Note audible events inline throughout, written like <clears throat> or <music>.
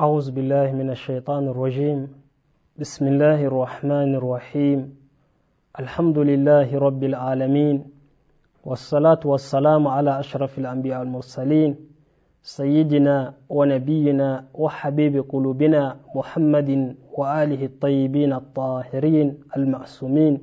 أعوذ بالله من الشيطان الرجيم بسم الله الرحمن الرحيم الحمد لله رب العالمين والصلاة والسلام على أشرف الأنبياء والمرسلين سيدنا ونبينا وحبيب قلوبنا محمد وآله الطيبين الطاهرين المعصومين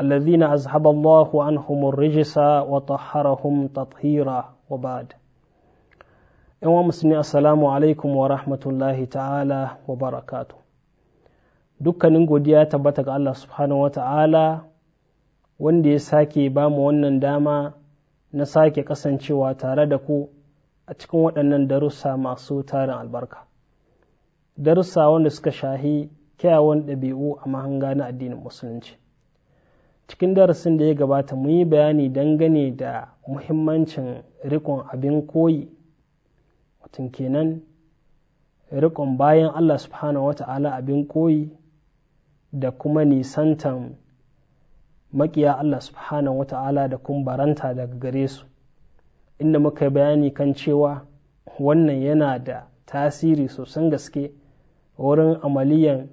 الذين أذهب الله عنهم الرجس وطهرهم تطهيرا وبعد yan wa musulmi assalamu alaikum wa rahmatullahi ta'ala wa barakatu dukkanin godiya tabbata ga Allah subhanahu wa ta'ala wanda ya sake ba mu wannan dama na sake kasancewa tare da ku a cikin waɗannan darussa masu tarin albarka darussa wanda suka shahi kyawawan ɗabi'u a mahanga na addinin musulunci cikin darasin da ya gabata mu yi bayani dangane da muhimmancin rikon abin koyi tun kenan riƙon bayan Allah subhanahu wa ta'ala abin koyi da kuma nisantan maƙiya Allah subhanahu wa ta'ala da kumbaranta daga gare su inda muka yi bayani kan cewa wannan yana da tasiri sosan gaske wurin amaliyan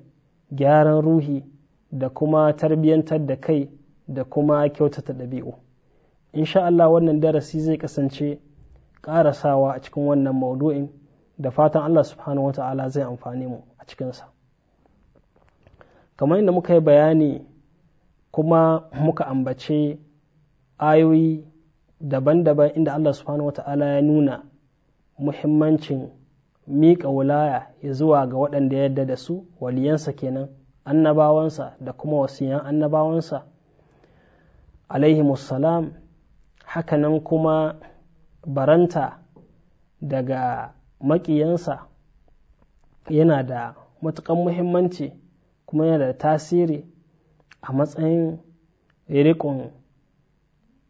gyaran ruhi da kuma tarbiyyantar da kai da kuma kyautata ɗabi'u insha Allah wannan darasi zai kasance ƙarasawa a cikin wannan maudu'in da fatan Allah subhanahu wata'ala zai amfani mu a cikinsa kamar inda muka yi bayani kuma muka ambace ayoyi daban-daban inda Allah subhanahu wata'ala ya nuna muhimmancin miƙa wulaya ya zuwa ga waɗanda yadda da su waliyansa kenan annabawansa da kuma wasiyan annabawansa alaihimussalam hakanan kuma baranta daga maƙiyansa yana da matuƙan muhimmanci kuma yana da tasiri a matsayin riƙon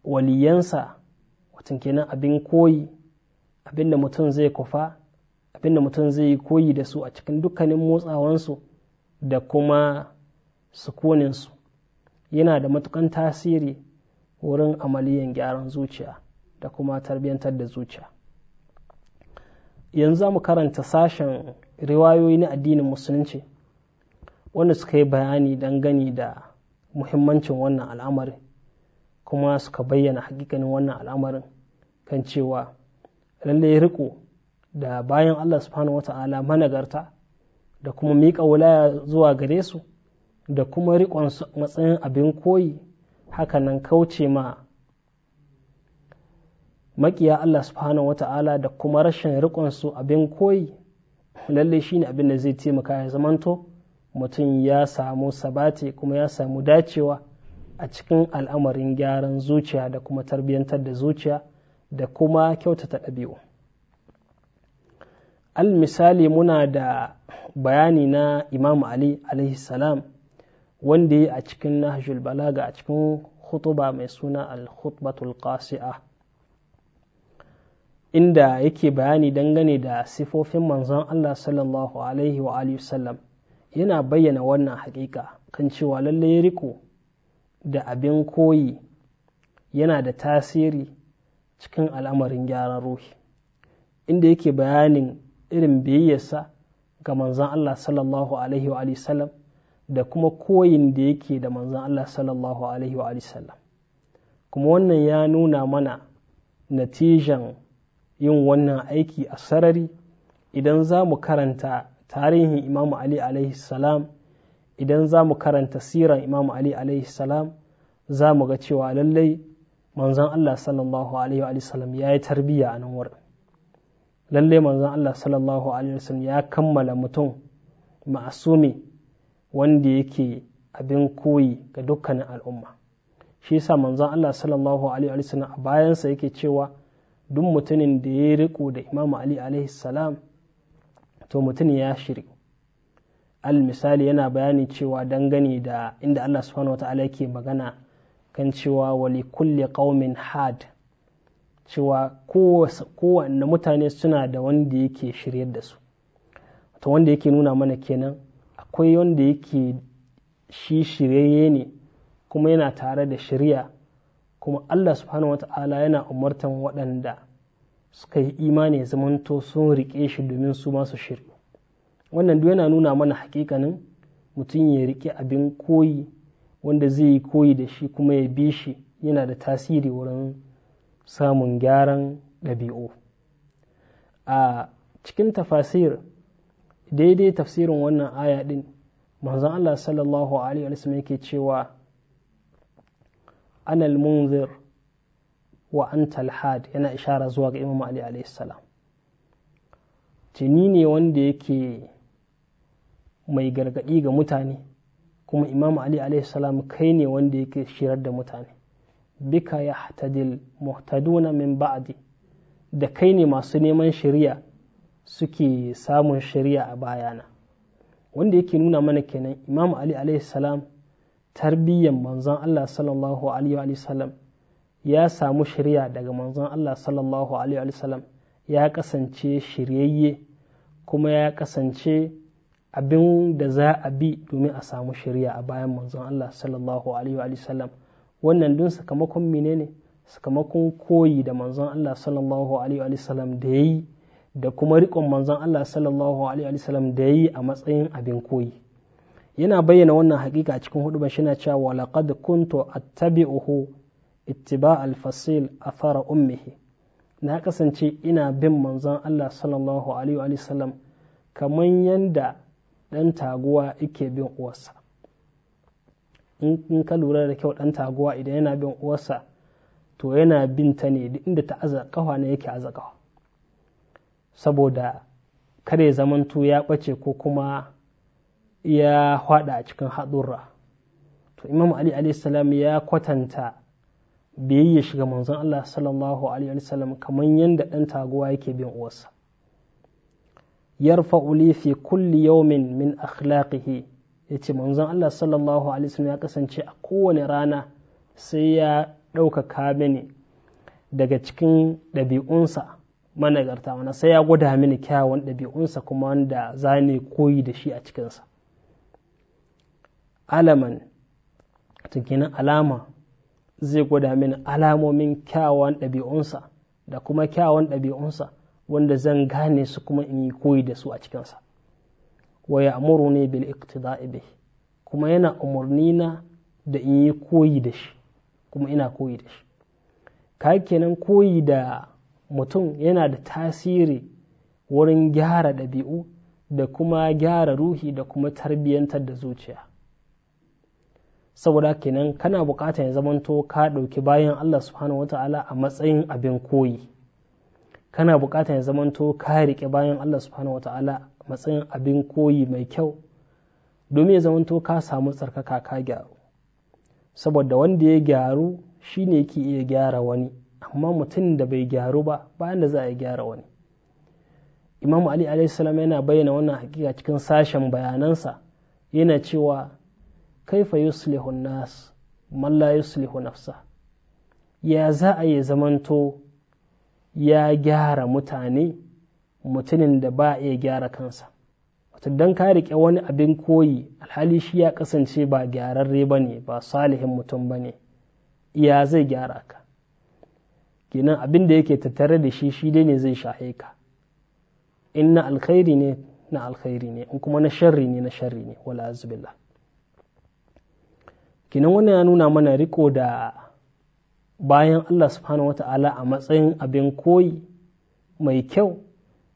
waliyansa watan kenan abin koyi abin da mutum zai kufa abin da mutum zai yi koyi da su a cikin dukkanin motsawansu da kuma sukuninsu yana da matuƙan tasiri wurin amaliyan gyaran zuciya da kuma tarbiyyantar da zuciya yanzu za mu karanta sashen riwayoyi na addinin musulunci wanda suka yi bayani gani da muhimmancin wannan al'amarin kuma suka bayyana hakikanin wannan al'amarin kan cewa lallai riko da bayan Allah subhanahu wata'ala managarta da kuma miƙa wulaya zuwa gare su da kuma riƙon matsayin abin koyi hakanan kauce ma maƙiya Allah subhanahu wata'ala da kuma rashin riƙonsu abin koyi lalle shi ne abin da zai taimaka ya zamanto mutum ya samu sabati kuma ya samu dacewa a cikin al'amarin gyaran zuciya da kuma tarbiyyantar da zuciya da kuma kyautata ɗabi'u al misali muna da bayani na imam ali alaihi salam wanda ya a cikin nahjul balaga a cikin khutuba mai suna al-khutbatul qasi'ah inda yake bayani dangane da sifofin manzon Allah sallallahu alaihi wa sallam yana bayyana wannan haƙiƙa kan cewa lallai riko da abin koyi yana da tasiri cikin al'amarin gyaran ruhi inda yake bayanin irin biyayyarsa ga manzon Allah sallallahu alaihi wa sallam da kuma koyin da yake da manzon Allah sallallahu alaihi wa sallam kuma wannan ya nuna mana natijan yin wannan aiki a sarari idan za mu karanta tarihin imam ali alaihi salam idan za mu karanta siran imam ali alaihi salam za mu ga cewa lallai manzon allah sallallahu alaihi wa sallam ya yi tarbiyya a nan wurin lallai manzon allah sallallahu alaihi wa sallam ya kammala mutum ma'asumi wanda yake abin koyi ga dukkanin al'umma shi yasa manzon allah sallallahu alaihi wa sallam a bayansa yake cewa duk mutumin da ya riko da Imam ali alaihi salam to mutum ya shiri al misali yana bayani cewa dangane da inda Allah subhanahu wa yake magana kan cewa wali kulli qaumin had cewa kowanne mutane suna da wanda yake shiryar da su to wanda yake nuna mana kenan akwai wanda yake shi shiryayye ne kuma yana tare da shirya kuma Allah subhanahu wa yana umartan waɗanda suka yi imani ya zamanto sun riƙe shi domin su masu shirya wannan duk yana nuna mana hakikanin mutum ya riƙe abin koyi wanda zai yi koyi da shi kuma ya bi shi yana da tasiri wurin samun gyaran ɗabi'u a cikin tafasir daidai tafsirin wannan aya ɗin manzan Allah sallallahu alaihi wasallam yake cewa anal munzir wa an talhad yana ishara zuwa ga Imam Ali alayhi salam tuni ne wanda yake mai gargadi ga mutane kuma Imam Ali alayhi salam kai ne wanda yake shirar da mutane bika ya hatadil muhtaduna min ba'di da kai ne masu neman shari'a suke samun shari'a a bayana wanda yake nuna mana kenan Imam Ali alayhi salam tarbiyyan manzon Allah sallallahu alaihi wa sallam ya samu shirya daga manzon Allah sallallahu alaihi wasallam ya kasance shiryayye kuma ya kasance abin da za a bi domin a samu shirya a bayan manzon Allah sallallahu alaihi wasallam wannan dun sakamakon menene sakamakon koyi da manzon Allah sallallahu alaihi wasallam da yayi da kuma riƙon manzon Allah sallallahu alaihi wasallam da yayi a matsayin abin koyi yana bayyana wannan hakika cikin ba shi na cewa laqad kuntu attabi'uhu ittiba al-fasil athara ummihi na kasance ina bin manzon Allah sallallahu alaihi wa sallam kamar yanda ɗan taguwa yake bin uwarsa in ka lura da kyau dan taguwa idan yana bin uwarsa to yana bin ta ne duk inda ta aza kafa ne yake aza kafa saboda kare zamantu ya ɓace ko kuma ya haɗa a cikin haɗurra to imam ali salam ya kwatanta biyayya shiga manzon Allah sallallahu alaihi wa sallam kamar yadda ɗan taguwa yake bin uwarsa yarfa uli fi kulli yawmin min akhlaqihi yace manzon Allah sallallahu alaihi wasallam ya kasance a kowane rana sai ya ɗaukaka mini daga cikin ɗabi'unsa managarta mana sai ya gwada mini kyawun ɗabi'unsa kuma wanda za ni koyi da shi a cikinsa alaman tunkinin alama zai gwada mini alamomin kyawawan ɗabi'unsa da kuma kyawawan ɗabi'unsa wanda zan gane su kuma in yi koyi da su a cikinsa wa ya amuru ne bil iktida'i bi? kuma yana umarni na da in yi koyi da shi kuma ina koyi da shi ka kenan koyi da mutum yana da tasiri wurin gyara ɗabi'u da kuma gyara ruhi da kuma tarbiyyantar da zuciya saboda kenan kana bukata ya zamanto ka ɗauki bayan Allah subhanahu wata'ala a matsayin abin koyi kana bukata ya zamanto ka riƙe bayan Allah subhanahu wata'ala a matsayin abin koyi mai kyau domin ya zamanto ka samu tsarkaka ka gyaru saboda wanda ya gyaru shine yake iya gyara wani amma mutum da bai gyaru ba bayan da za a gyara wani imamu ali alaihi yana bayyana wannan hakika cikin sashen bayanansa yana cewa kaifa yuslihun nas man yuslihu nafsa ya za a yi zamanto ya gyara mutane mutumin da ba ya gyara kansa wata dan ka riƙe wani abin koyi alhali shi ya kasance ba gyararre ba ne ba salihin mutum ba ne ya zai gyara ka kenan abin da yake tattare da shi shi dai ne zai shahe ka in na alkhairi ne na alkhairi ne in kuma na sharri ne na sharri ne wala azubillah kenan wannan ya nuna mana riko da bayan Allah subhanahu wata'ala a matsayin abin koyi mai kyau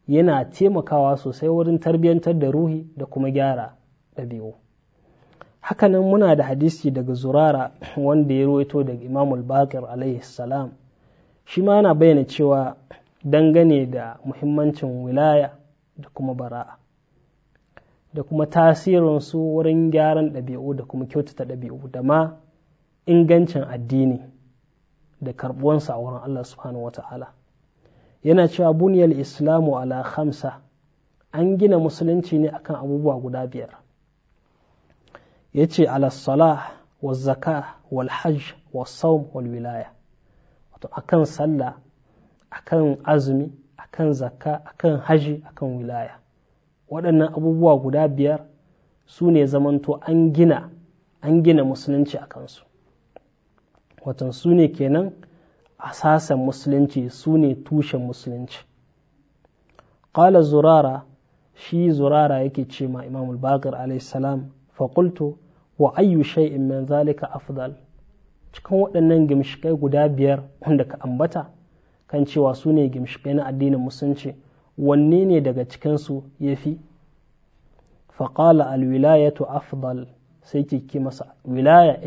yana taimakawa sosai wurin tarbiyyantar da ruhi da kuma gyara ɗabi'u hakanan muna da hadisi daga zurara <clears throat> wanda ya ruwaito daga imamul bakir alayhi salam shi ma yana bayyana cewa dangane da muhimmancin wilaya da kuma bara'a da kuma tasirinsu wurin gyaran ɗabi'u da kuma kyautata ɗabi'u da ma ingancin addini da karɓuwansa a wurin Allah subhanahu wa ta'ala yana cewa buniyar islamu ala khamsa an gina musulunci ne akan abubuwa guda biyar ya ce salah wa zaka wal hajj wa saum wal wilaya wato akan sallah akan azumi akan zakka akan haji akan wilaya waɗannan abubuwa guda biyar su ne zamanto an gina an gina musulunci a kansu watan su ne kenan asasan musulunci su ne tushen musulunci ƙala zurara shi zurara yake ce ma imamul bakar alaihissalam faƙultu wa ayyu shay'in min zalika afdal cikin waɗannan gimshikai guda biyar wanda ka ambata kan cewa su ne gimshikai na addinin musulunci wanne ne daga cikinsu ya fi faƙala alwilayatu afdal sai kiki masa wilaya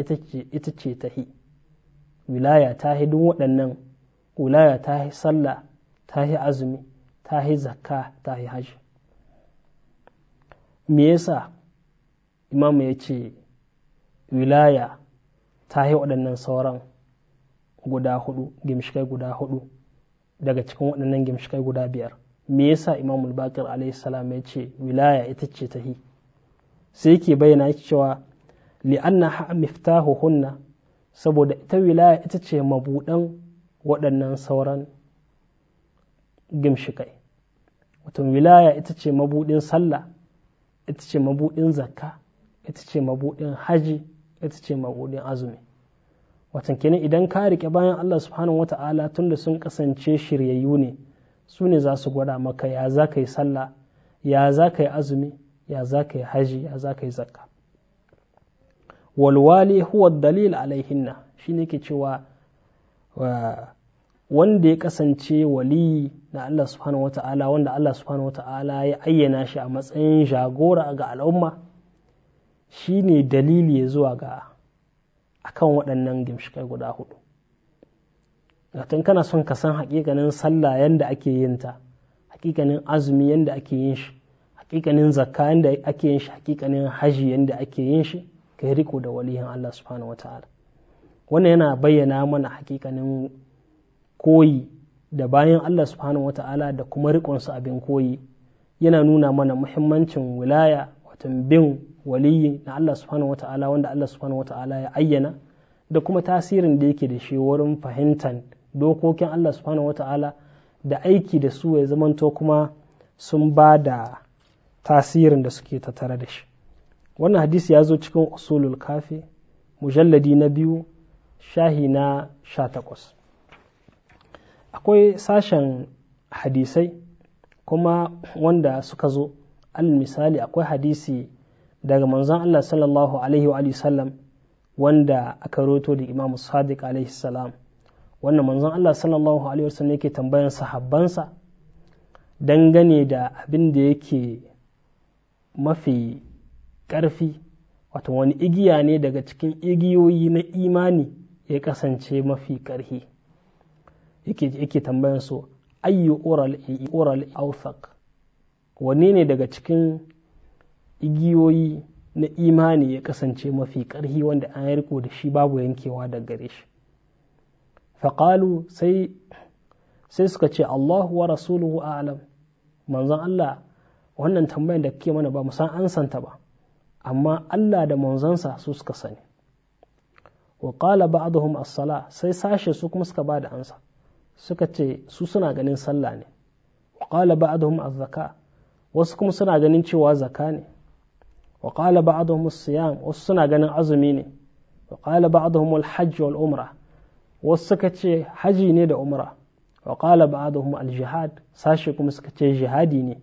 ita ce ta hi wilaya ta hi duk waɗannan wilaya ta hi sallah ta hi azumi ta hi zakka ta hi hajji me yasa imamu ya ce wilaya ta hi waɗannan sauran guda hudu gimshikai guda hudu daga cikin waɗannan gimshikai guda biyar me yasa al bakir alaihi salam ya ce wilaya ita ce ta hi? sai yake bayyana cewa li'anna ha miftahu hunna saboda ita wilaya ita ce mabuɗan waɗannan sauran gimshikai wato wilaya ita ce mabuɗin sallah ita ce mabuɗin zakka ita ce mabuɗin haji ita ce mabuɗin azumi watan kenan idan ka riƙe bayan Allah subhanahu wata'ala tunda sun kasance shiryayyu ne su ne za su gwada maka ya za ka yi sallah ya za ka yi azumi ya za ka yi haji ya za ka yi zakka walwali huwa dalil alaihinna shi ne ke cewa wanda ya kasance wali na Allah subhanahu wata'ala wanda Allah subhanahu wata'ala ya ayyana shi a matsayin jagora ga al'umma shi ne dalili ya zuwa ga akan waɗannan gimshikai guda hudu Gatan kana son ka san hakikanin sallah yanda ake yin ta, hakikanin azumi yanda ake yin shi, hakikanin zakka yanda ake yin shi, hakikanin haji yanda ake yin shi, ka riko da waliyan Allah subhanahu wa ta'ala. Wannan yana bayyana mana hakikanin koyi da bayan Allah subhanahu wa ta'ala da kuma riƙonsa abin koyi yana nuna mana muhimmancin wilaya watan bin waliyi na Allah subhanahu wa ta'ala wanda Allah subhanahu wa ta'ala ya ayyana da kuma tasirin da yake da shi wurin fahimtar dokokin Allah subhanahu ta'ala da aiki da su ya zamanto kuma sun ba da tasirin da suke tattare da shi wannan hadisi ya zo cikin usulul kafi mujalladi na biyu shahi na sha takwas akwai sashen hadisai kuma wanda suka zo al misali akwai hadisi daga manzon Allah sallallahu alaihi wa sallam wanda aka roto da imamu sadiq alaihi salam wannan manzon Allah sallallahu alaihi wasallam yake tambayan sahabbansa dangane da abin da yake mafi ƙarfi wato wani igiya ne daga cikin igiyoyi na imani ya kasance mafi ƙarfi yake tambayan su ayyu oral authaq wanne ne daga cikin igiyoyi na imani ya kasance mafi ƙarfi wanda an riko da shi babu yankewa da gare shi faƙalu sai sai suka ce Allahu wa rasuluhu a'lam manzon Allah wannan tambayar da kake mana ba mu san ansanta ba amma Allah da manzansa su suka sani wa qala ba'dhum as-sala sai sashe su kuma suka bada ansa suka ce su suna ganin sallah ne wa qala ba'dhum az-zaka wasu kuma suna ganin cewa zaka ne wa qala ba'dhum as-siyam wasu suna ganin azumi ne wa qala ba'dhum al-hajj wal umrah wasu suka ce haji ne da umra wa qala ba'dhum al-jihad sashi kuma suka ce jihadi ne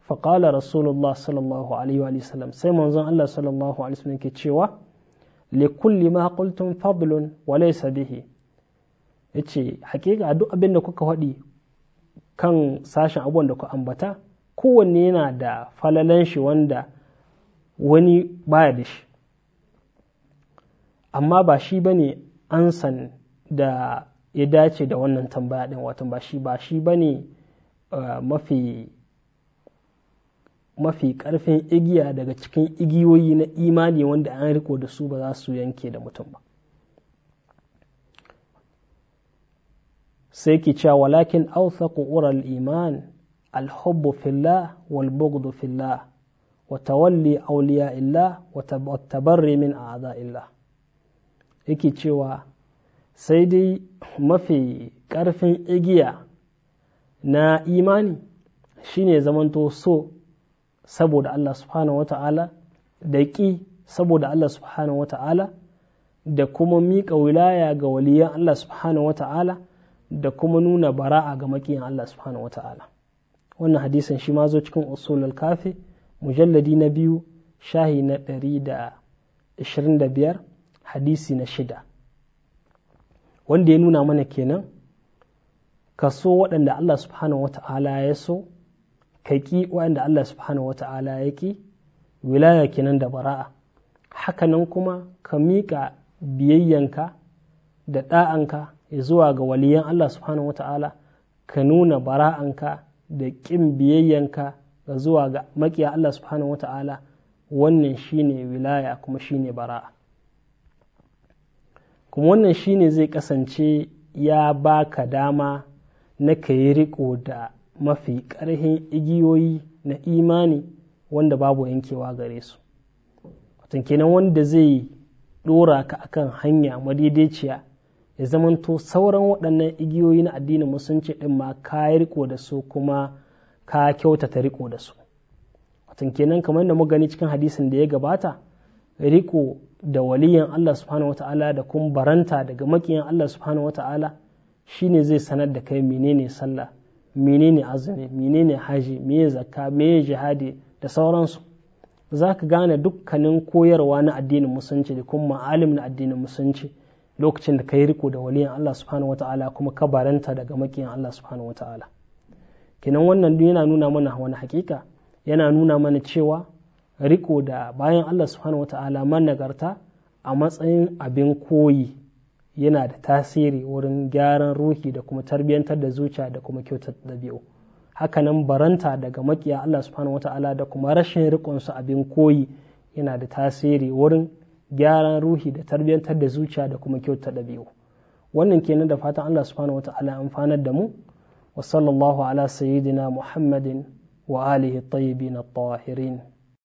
fa qala rasulullah sallallahu alaihi wa sallam sai manzon Allah sallallahu alaihi sallam ke cewa li kulli ma qultum fadlun wa laysa bihi yace hakika duk abin da kuka faɗi kan sashen abubuwan da ku ambata kowanne yana da falalan shi wanda wani baya da shi amma ba shi bane an san da ya dace da wannan tambaya ɗin watan ba shi ba shi ba ne uh, mafi ƙarfin igiya daga cikin igiyoyi na imani wanda an riko da su ba za su yanke da mutum ba sai ki cewa walakin authaqu ural iman alhubbu filla wal filla filla wa tawalli awliya illa wa tabarri min a'za illah yake cewa sai dai mafi ƙarfin igiya na imani shine zamanto so saboda Allah subhanahu wata'ala da ƙi saboda Allah subhanahu wata'ala da kuma miƙa wilaya ga waliyan Allah subhanahu wata'ala da kuma nuna bara'a ga maƙiyan Allah subhanahu wata'ala wannan hadisan shi ma zo cikin usulul kafi mujalladi na biyu shahi na 125 hadisi na shida wanda ya nuna mana kenan ka so waɗanda Allah subhanahu wata'ala ya so ka ƙi waɗanda Allah subhanahu wata'ala ya ƙi wilaya kenan da bara'a hakanan kuma ka miƙa biyayyanka da ɗa'anka zuwa ga waliyan Allah subhanahu wata'ala ka nuna bara'anka da ƙin biyayyanka ga zuwa ga maƙiya Allah subhanahu wata'ala wannan shine wilaya kuma shine bara'a kuma wannan shine zai kasance ya baka dama na ka yi riko da mafi ƙarhin igiyoyi na imani wanda babu yankewa gare su watan kenan wanda zai ɗora ka akan hanya madaidaiciya ya zamanto sauran waɗannan igiyoyi na addinin musulunci ɗin ma ka yi riko da su kuma ka kyautata riko da su watan kenan kamar da mu gani cikin hadisin da ya gabata riko da waliyan Allah subhanahu ta'ala da kun baranta daga makiyan Allah subhanahu shi shine zai sanar da kai menene sallah menene azumi menene haji meye zakka meye jihadi da sauransu za ka gane dukkanin koyarwa na addinin musulunci da kuma ma'alim na addinin musulunci lokacin da ka yi riko da waliyan Allah subhanahu ta'ala kuma ka baranta daga makiyan Allah subhanahu ta'ala kenan wannan yana nuna mana wani hakika yana nuna mana cewa riko da bayan Allah subhanahu wa ta'ala managarta a matsayin abin koyi yana da tasiri wurin gyaran ruhi da kuma tarbiyyantar da zuciya da kuma kyautar dabi'u. hakanan baranta daga makiya Allah subhanahu wa ta'ala da kuma rashin riƙonsu abin koyi yana da tasiri wurin gyaran ruhi da tarbiyyantar da zuciya da kuma kyautar ɗabi'u wannan kenan da fatan Allah subhanahu wa ta'ala amfanar da mu wa sallallahu ala sayyidina muhammadin wa alihi tayyibin at-tahirin